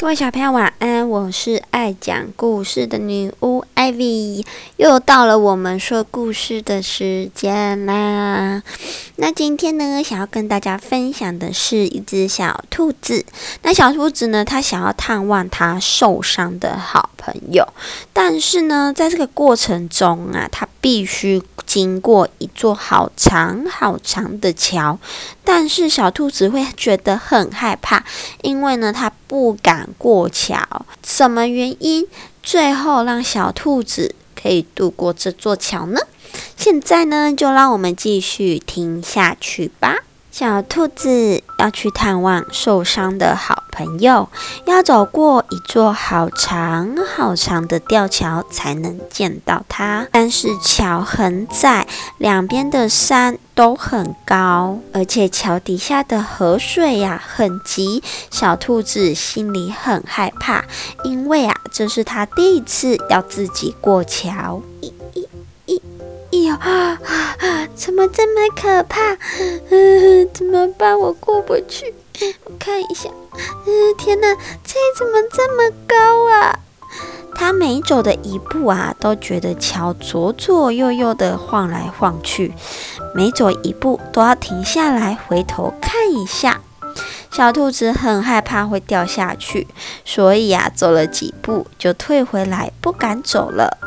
各位小朋友，晚安。我是愛講故事的女巫 IVY，又到了我們說故事的時間啦。那今天呢，想要跟大家分享的是一隻小兔子。那小兔子呢，它想要探望它受傷的好朋友，但是呢，在這個過程中啊，它必須經過一座好長好長的橋。但是小兔子會覺得很害怕，因為呢，它不敢過橋。什麼原因最後讓小兔子可以渡過這座橋呢？現在呢，就讓我們繼續聽下去吧。小兔子要去探望受傷的好朋友，要走過一座好長好長的吊橋才能見到它。但是橋很窄，兩邊的山都很高，而且橋底下的河水呀很急。小兔子心裡很害怕，因為啊，這是它第一次要自己過橋。咦、咦、咦、咦喲！怎麼這麼可怕？嗯、呃，怎麼辦？我過不去。我看一下。嗯、呃，天哪，這怎麼這麼高啊？他每走的一步啊，都覺得橋左左右右的晃來晃去，每走一步都要停下來回頭看一下。小兔子很害怕會掉下去，所以啊，走了幾步就退回來，不敢走了。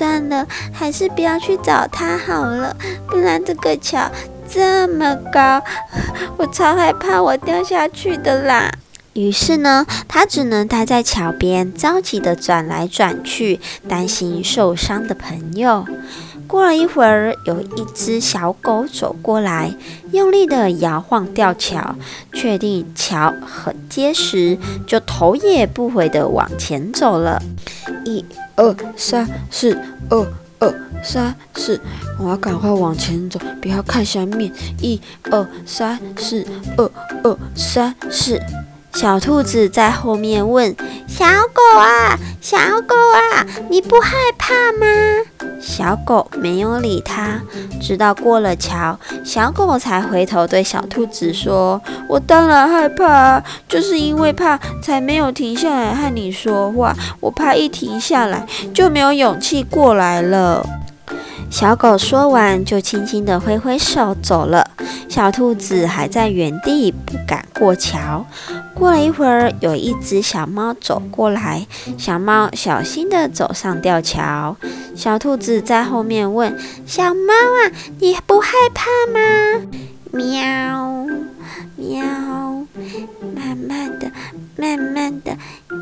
算了，還是不要去找他好了，不然這個橋這麼高，我超害怕我掉下去的啦。於是呢，他只能待在橋邊，着急地轉來轉去，擔心受傷的朋友。過了一會兒，有一隻小狗走過來，用力地搖晃吊橋，確定橋很結實，就頭也不回地往前走了。一、二、三、四，二、二、三、四，我要趕快往前走，不要看下面。一、二、三、四，二、二、三、四。小兔子在後面問：“小狗啊，小狗啊，你不害怕嗎？”小狗沒有理它，直到過了橋，小狗才回頭對小兔子說：“我當然害怕啊，就是因為怕，才沒有停下來和你說話。我怕一停下來，就沒有勇氣過來了。”小狗說完，就輕輕的揮揮手走了。小兔子還在原地，不敢過橋。過了一會兒，有一隻小貓走過來，小貓小心的走上吊橋。小兔子在後面問：“小貓啊，你不害怕嗎？”喵，喵，慢慢的，慢慢的，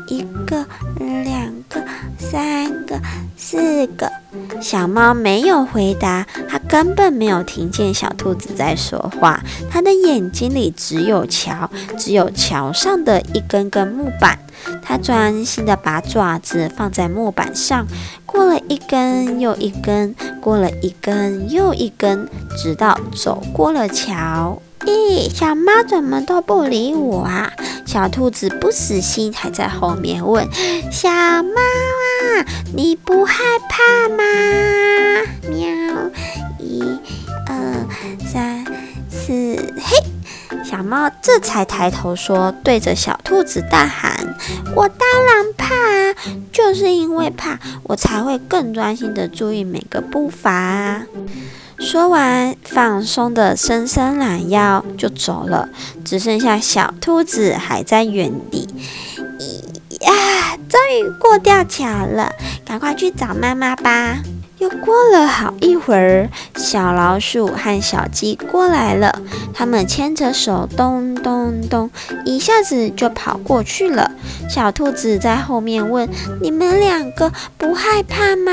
一個，兩個。三個、四個，小貓沒有回答，它根本沒有聽見小兔子在說話。它的眼睛裡只有橋，只有橋上的一根根木板。它專心地把爪子放在木板上，過了一根又一根，過了一根又一根，直到走過了橋。咦、欸，小貓怎麼都不理我啊？小兔子不死心，還在後面問：“小貓啊，你不害怕嗎？”喵，一、二、三、四，嘿！小貓這才抬頭說，對着小兔子大喊：“我當然怕，就是因為怕，我才會更專心地注意每個步伐。”說完，放鬆的伸伸懶腰就走了，只剩下小兔子還在原地。咦呀，終於過吊橋了，趕快去找媽媽吧。又過了好一會兒，小老鼠和小雞過來了，他們牽着手，咚咚咚，一下子就跑過去了。小兔子在後面問：“你們兩個不害怕嗎？”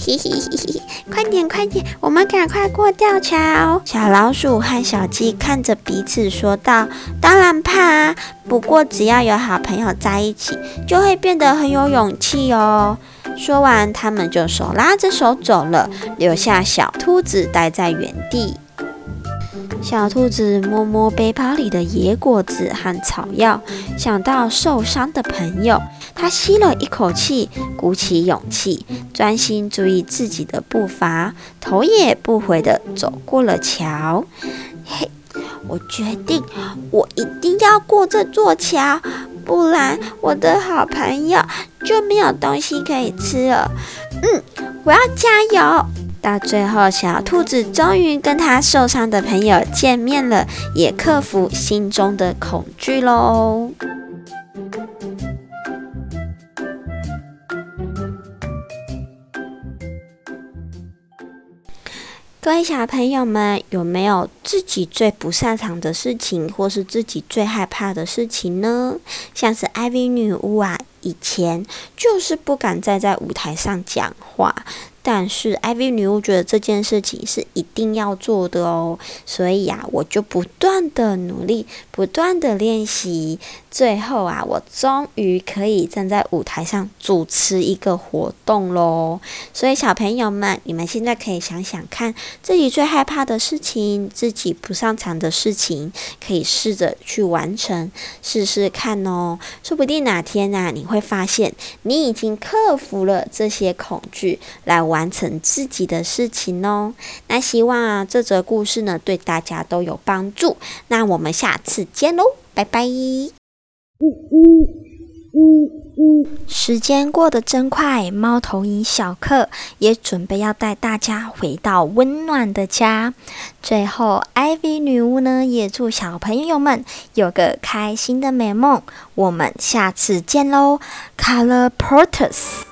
嘿嘿嘿嘿，快點快點，我們趕快過吊橋。小老鼠和小雞看着彼此說道：“當然怕啊，不過只要有好朋友在一起，就會變得很有勇氣哦。”說完，他們就手拉着手走了，留下小兔子待在原地。小兔子摸摸背包裡的野果子和草藥，想到受傷的朋友，他吸了一口氣，鼓起勇氣，專心注意自己的步伐，頭也不回地走過了橋。嘿，我決定，我一定要過這座橋。不然，我的好朋友就沒有東西可以吃了。嗯，我要加油。到最後，小兔子終於跟他受傷的朋友見面了，也克服心中的恐懼咯。各位小朋友們，有沒有自己最不擅長的事情，或是自己最害怕的事情呢？像是艾薇女巫啊，以前就是不敢再在舞台上講話。但是艾薇女巫覺得這件事情是一定要做的哦，所以啊，我就不斷的努力，不斷的練習。最後啊，我終於可以站在舞台上主持一個活動嘍！所以小朋友們，你們現在可以想想看，自己最害怕的事情，自己不擅長的事情，可以試着去完成，試試看哦。說不定哪天啊，你會發現你已經克服了這些恐懼，來完成自己的事情哦。那希望啊，這則故事呢，對大家都有幫助。那我們下次見嘍，拜拜。嗚嗚嗚嗚，嗯嗯嗯嗯、時間過得真快，貓頭鷹小克也準備要帶大家回到溫暖的家。最後，Ivy 女巫呢也祝小朋友們有個開心的美夢，我們下次見嘍，Colloportus。